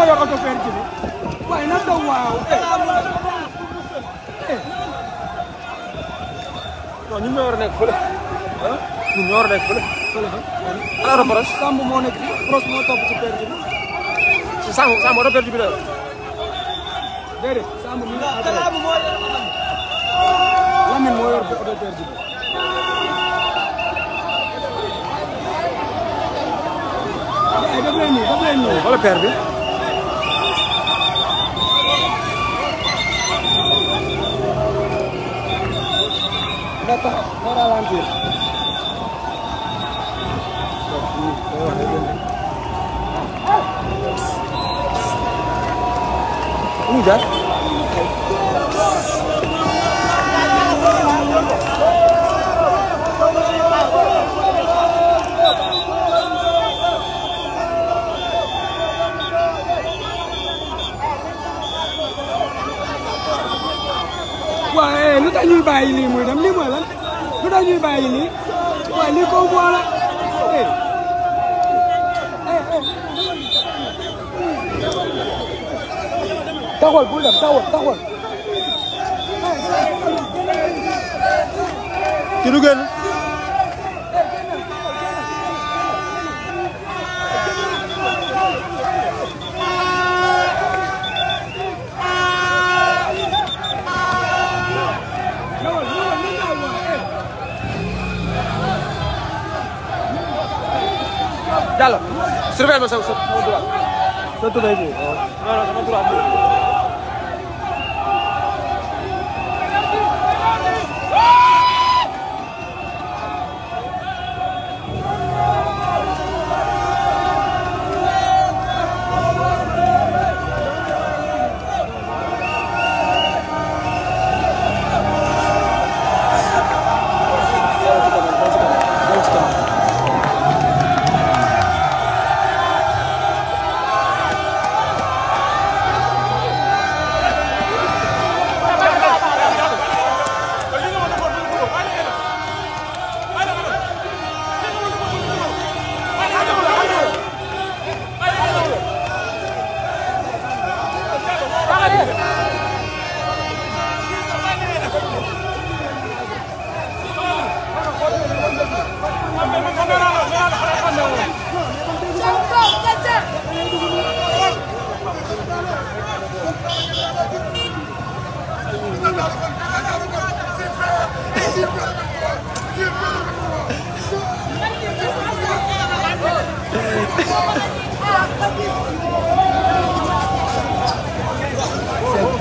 moo yor oto père Djibi waaye na daw waaw eh. Eh. non ñun ñoo war a nekk fële ah ñun ñoo war a nekk fële fële ah ana Brosse Samb moo nekk fii Brosse moo topp ci père Djibi si Samb Samb oto père Djibi la déedéet Samb mi Lamine moo yor oto père Djibi Olha a perna. nga taxaw nga ralentir. Uy, bàyyi nii waaye lii kaw boole eh eh eh. taxawal bul dem taxawal taxawal. ci duggee jàll. surveille ma sa sa sama droit. sa tubaab bi waaw. non non sama droit bi.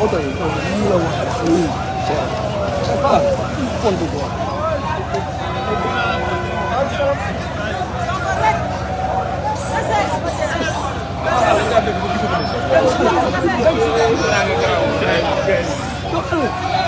odaj ile ujdzie. Tak, on by było. Thank you.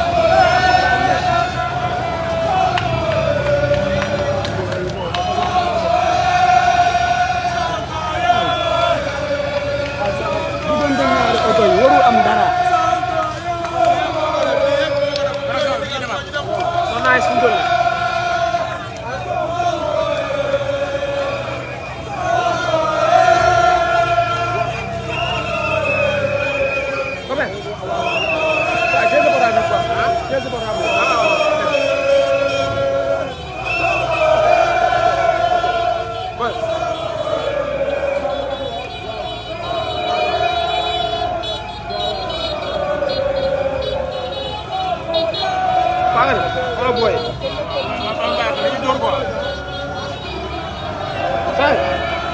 dara booy. saa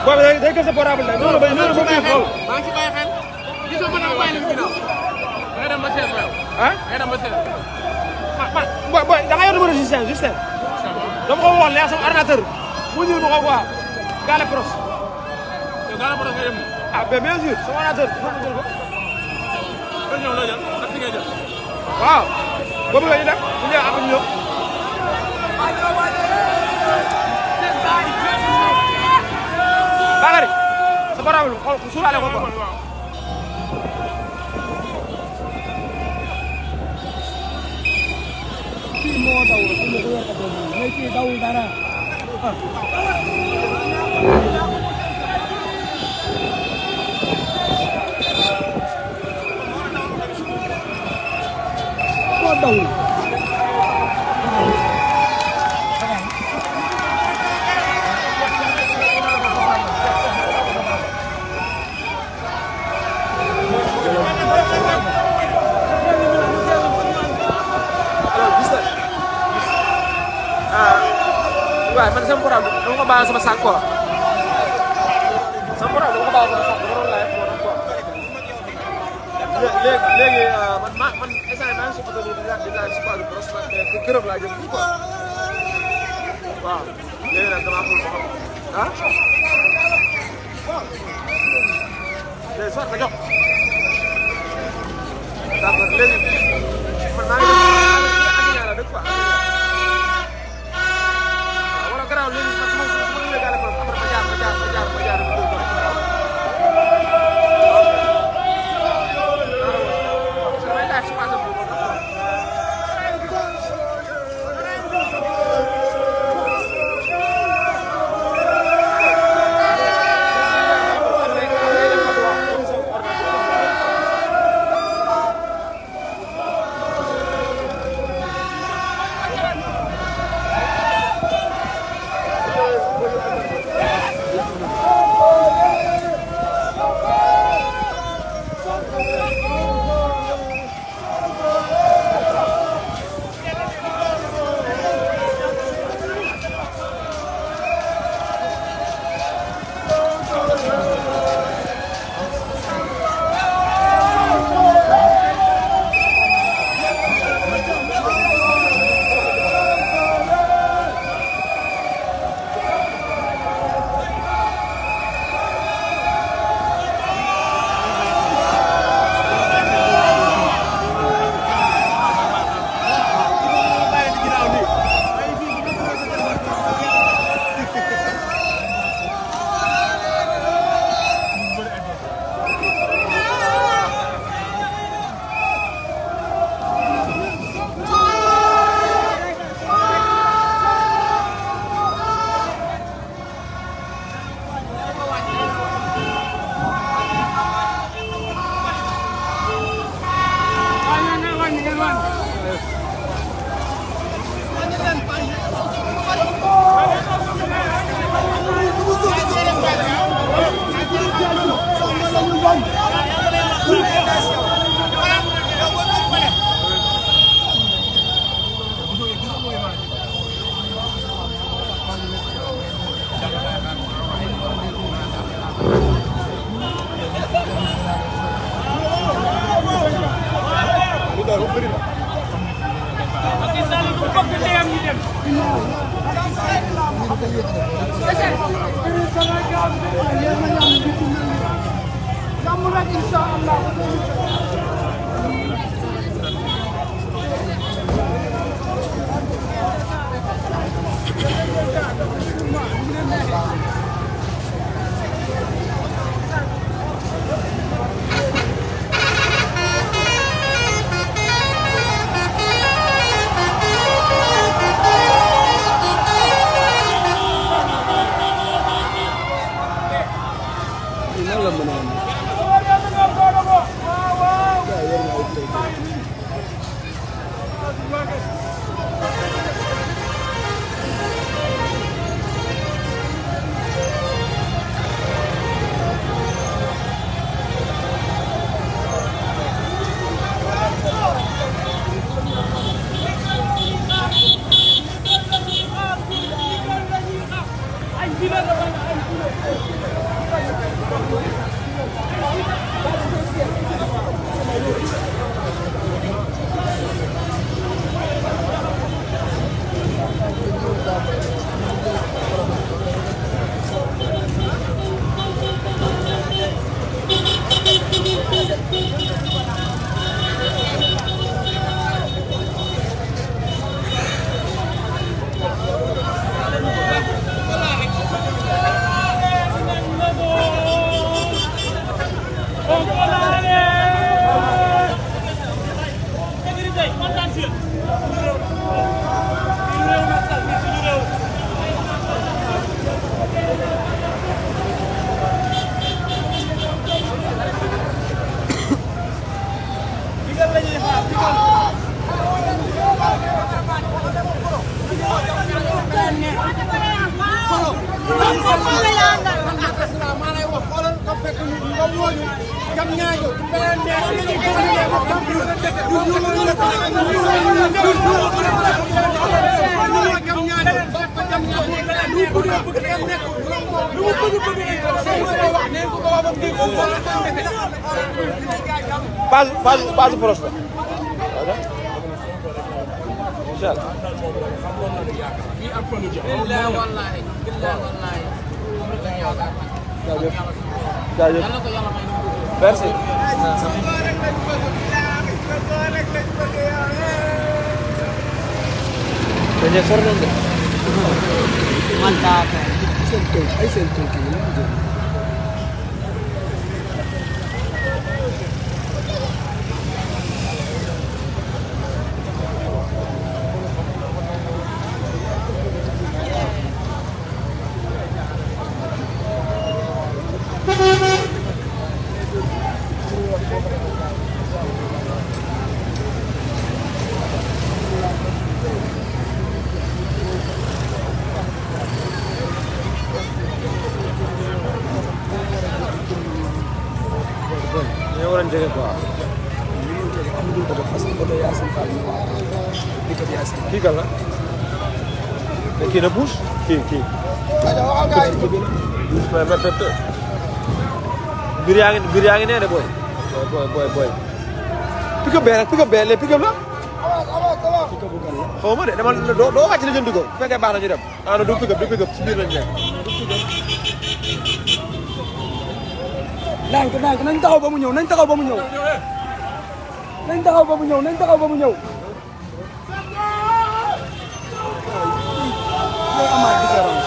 boobu day day gën sa portable la. non non non non non non maa ngi ci bàyyi xel. gisoo mën a bàyyi leen ginnaaw. da ngay dem ba seetlu yow. ah da ngay dem ba seetlu. ah man booy booy da nga yor numéro système système. dama ko waxoon leer sama ordinateur. mu ñëw ma ko quoi. Gale Pros. yow Gale Pros nga yem. ah mais bien sûr sama ordinateur. waaw. boobu la ñu def bu ñëwee ak ñoom. Bakary sa borom lu xool suuraale ko quoi. kii moo daw la kii moo ko yor ko doon mais kii dawul dara ah. dawul waaye man sama borom dama ko baal sama saako ci kërëm laa jëm quoi waaw léegi nag damaa amul ba xam ah. léegi soxna jox d'accord léegi man maa ngi fii ak fan ci billahi wallahi billahi wallahi jaajëf jaajëf merci dañuy sor nañ de man daa ay seen tënk yi la biir yaa ngi biir yaa ngi nee de booy. booy booy booy. pick up bee rek pick up bee léegi pick up la. xaw ma de dama doo doo wàcc na jëndi ko bu fekkee baax na ñu dem. ah non du pick up du pick up si biir lañ nekk. ndànk ndànk nañ taxaw ba mu ñëw nañ taxaw ba mu ñëw. nañ taxaw ba mu ñëw nañ taxaw ba mu ñëw. amaat différence.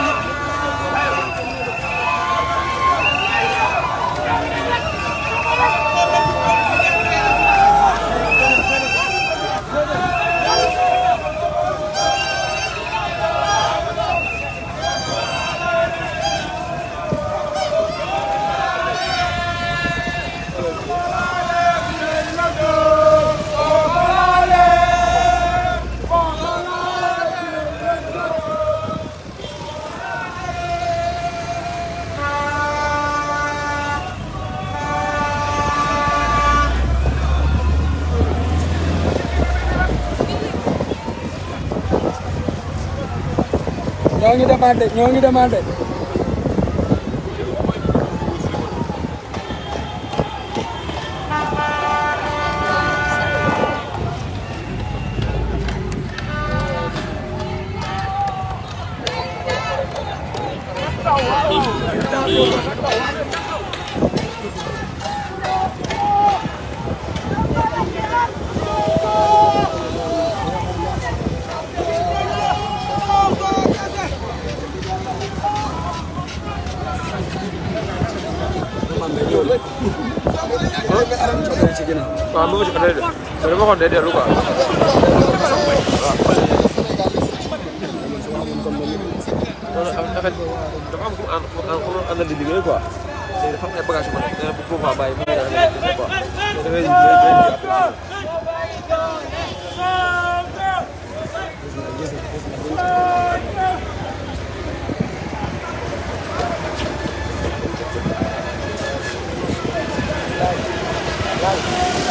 ñoo ngi demandé ñoo ngi demandé. dugg ci oto yi de mais li ma waxoon day dellu quoi. en fait dafa am ku mu ànd ku mu àndal di liggéey quoi léegi dafa am ay bagages yu ma nekk bu boobaa bàyyi mu ngi daal di quoi dafay Thank you.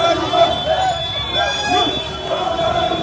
Allahu Akbar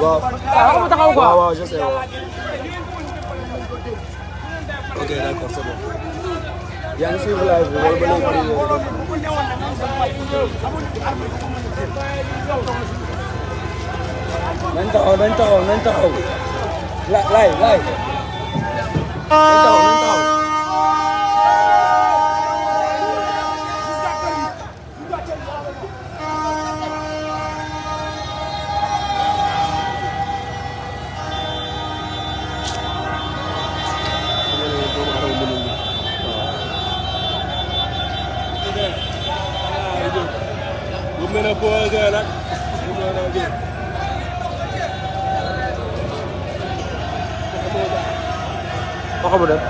waaw waaw waaw je sais waaw ok d'accord c'est bon. yaa ngi suivre live bi wala ba léegi nañ taxaw nañ taxaw nañ taxaw laay laay nañ taxaw nañ taxaw the ball girl. Like, you know what I'm getting. Come on,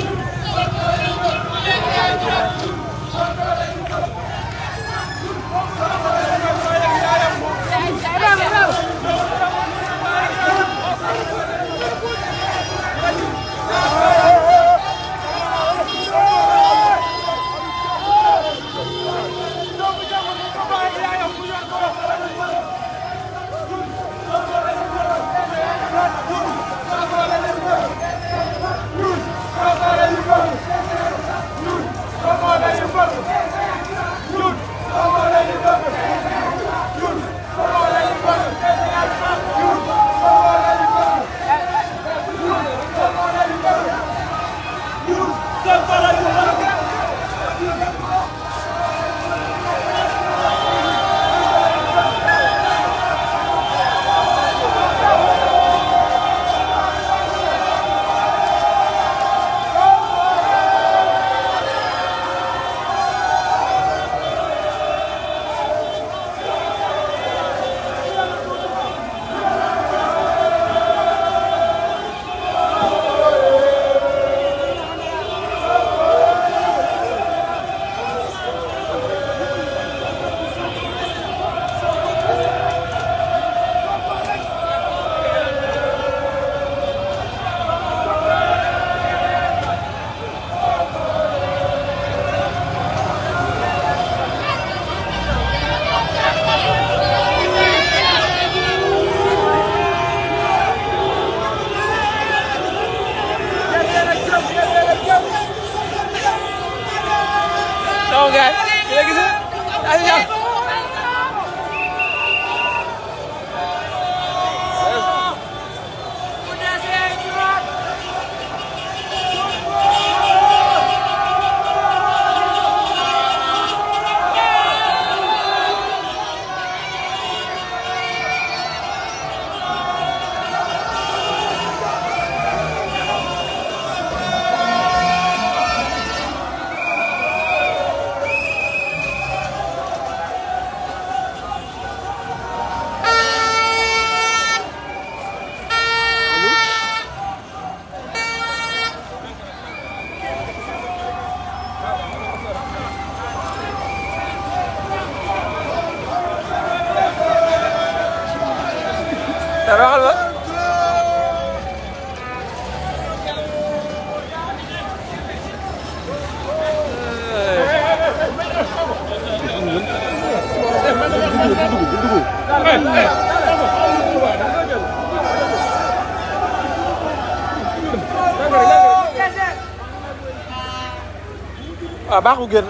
waaw baaxul génn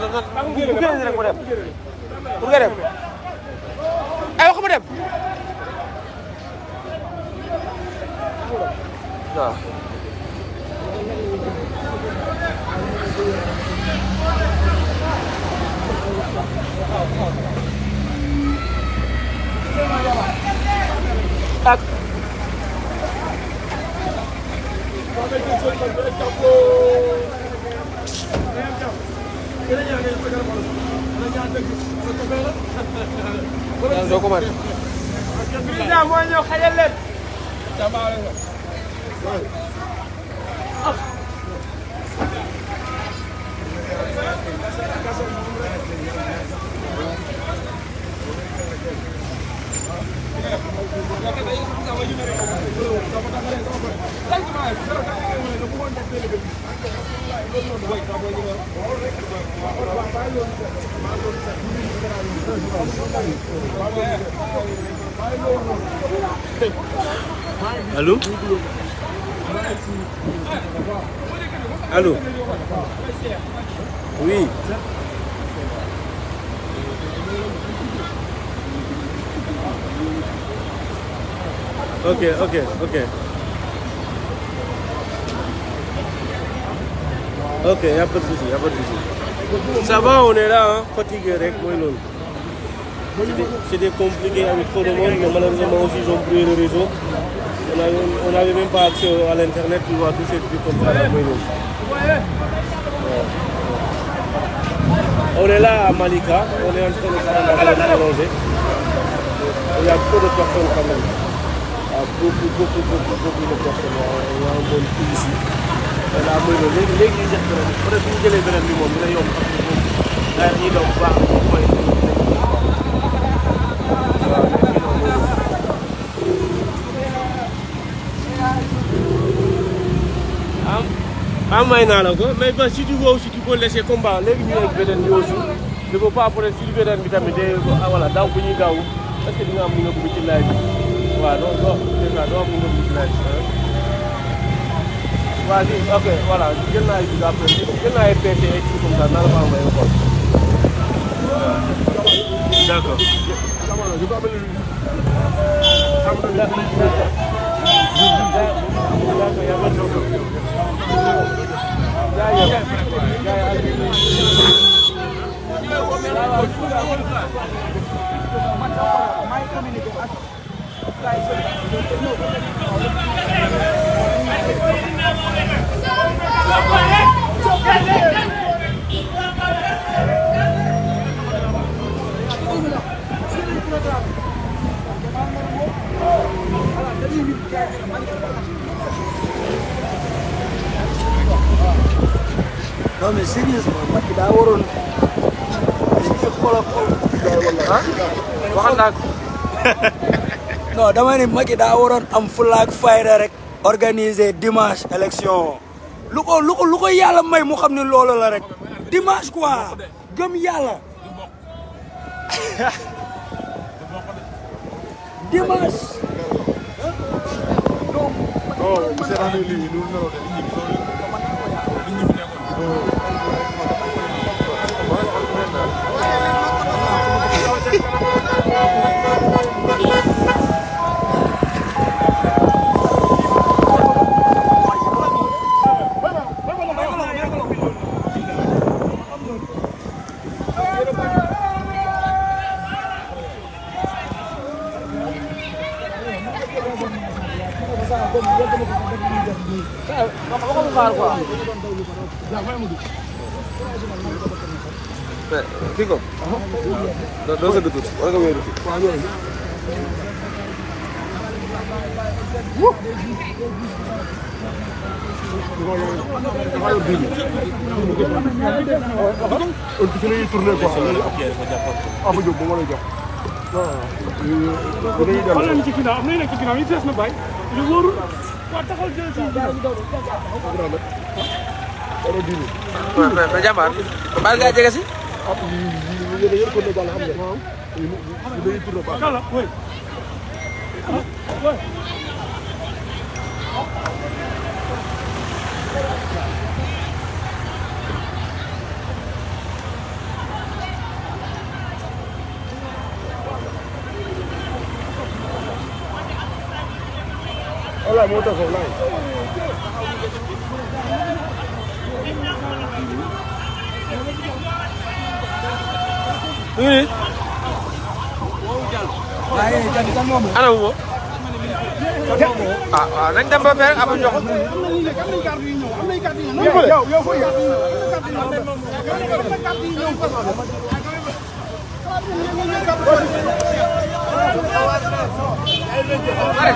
bu génn rek mu dem pour nga dem ay wax mu dem waaw ak yàlla doo ko mën. président moo ñëw xajal leen. Thank you. Allô Allô Oui. ok ok ok ok y' a pas de souci y' a pas de souci. ça va on est là ah fatigué rek mooy loolu. c'était compliqué avec trop de monde mais malheureusement aussi ils ont brûlé le réseau. on avait on avait même pas accès à l'internet pour voir tous ces trucs comme ça là mooy loolu. on est là à Malika on est en train de faire la plongée. il y a trop de personnes quand même. beaucoup beaucoup beaucoup beaucoup de département waa moom police yi voilà mooy loolu léegi léegi ñuy def beneen bi peut être bu ñu jëlee beneen bi moom dina yomb xam ne moom daal ñuy daw bu baax moom mooy envoyé naa la ko mais ba si tu veux aussi tu peux laisser combat léegi ñu nekk beneen bi aussi il faut pas après si beneen bi tamit de ah, voilà daaw bu ñuy gaaw est ce que di nga am li nga bëgg ci laaj bi waaw doo doo dégg nga doo mun a waaw lii ok voilà jël naa yu après jël naa ay perte ay kii comme ça nar maa may xool. d' accord. Thank you. non mais sérieusement Macky daa waroon dañuy xool ak xool. waxal naa ko. non dama ni Macky daa waroon am fulla ak fayda rek organiser dimanche élection lu ko lu ko yàlla may mu xam ne loolu la rek dimanche quoi gëm yàlla dimanche kii ko. doo doo sëgg tuuti wala nga wéeru fi. waaw waaw ñu ci ginnaaw am na ñu nekk ci ginnaaw yi fees na bàyyi lu wóorul waaw taxaw jël suñu ginnaaw jàmbaar baal ngaa jege si waaw da motar sau nan Ini. Ana wo. Ah ah nañ dem ba fer ab jox. Yow yow fo yaatu. Are,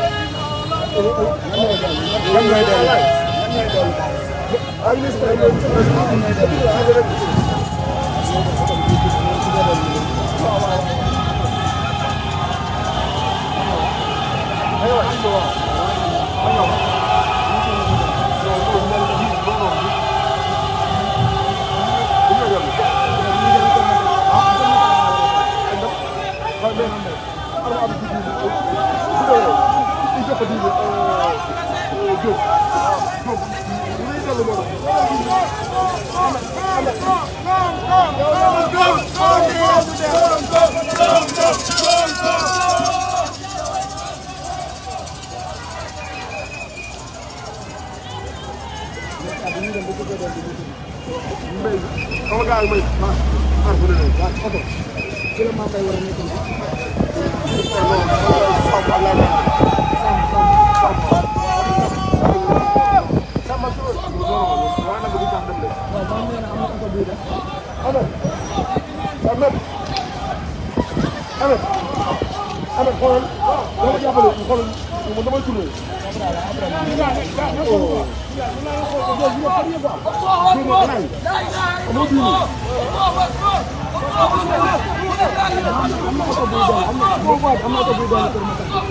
Ayo, ayo. Ayo. petit Diop Diop muy dellu moom. mbéy mi sama gars yi may maa maa ko déglu waaw oto ci la maa koy war a nekk I'm not going to be done.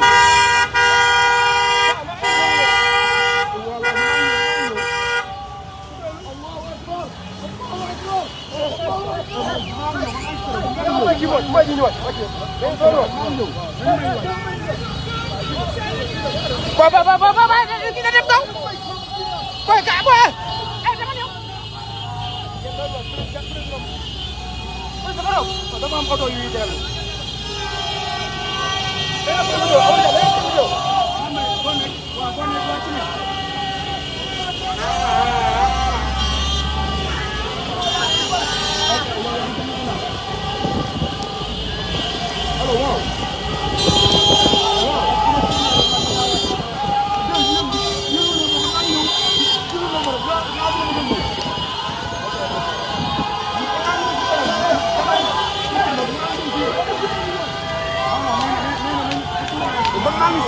boy boy boy boy boy kii da dem kaw boy ka boy ay dama ñëw boy dama ñëw dama am oto yu yi dee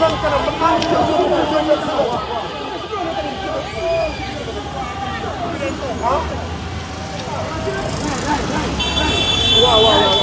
man kanam man maa ngi jëm jëm jëm jëm si bopp. ah. waaw waaw waaw.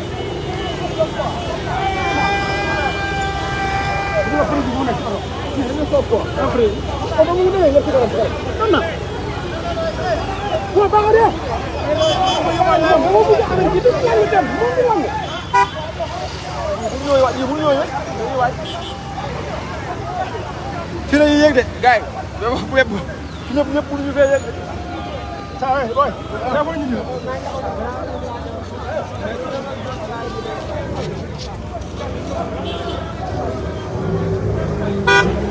up quoi après on va vous donner le petit non non quoi bah allez ci la ñuy yëg de gars yi dama lépp ñëpp ñëpp pour ñu fee yëg de saa waay waay dafa ñu Thank you.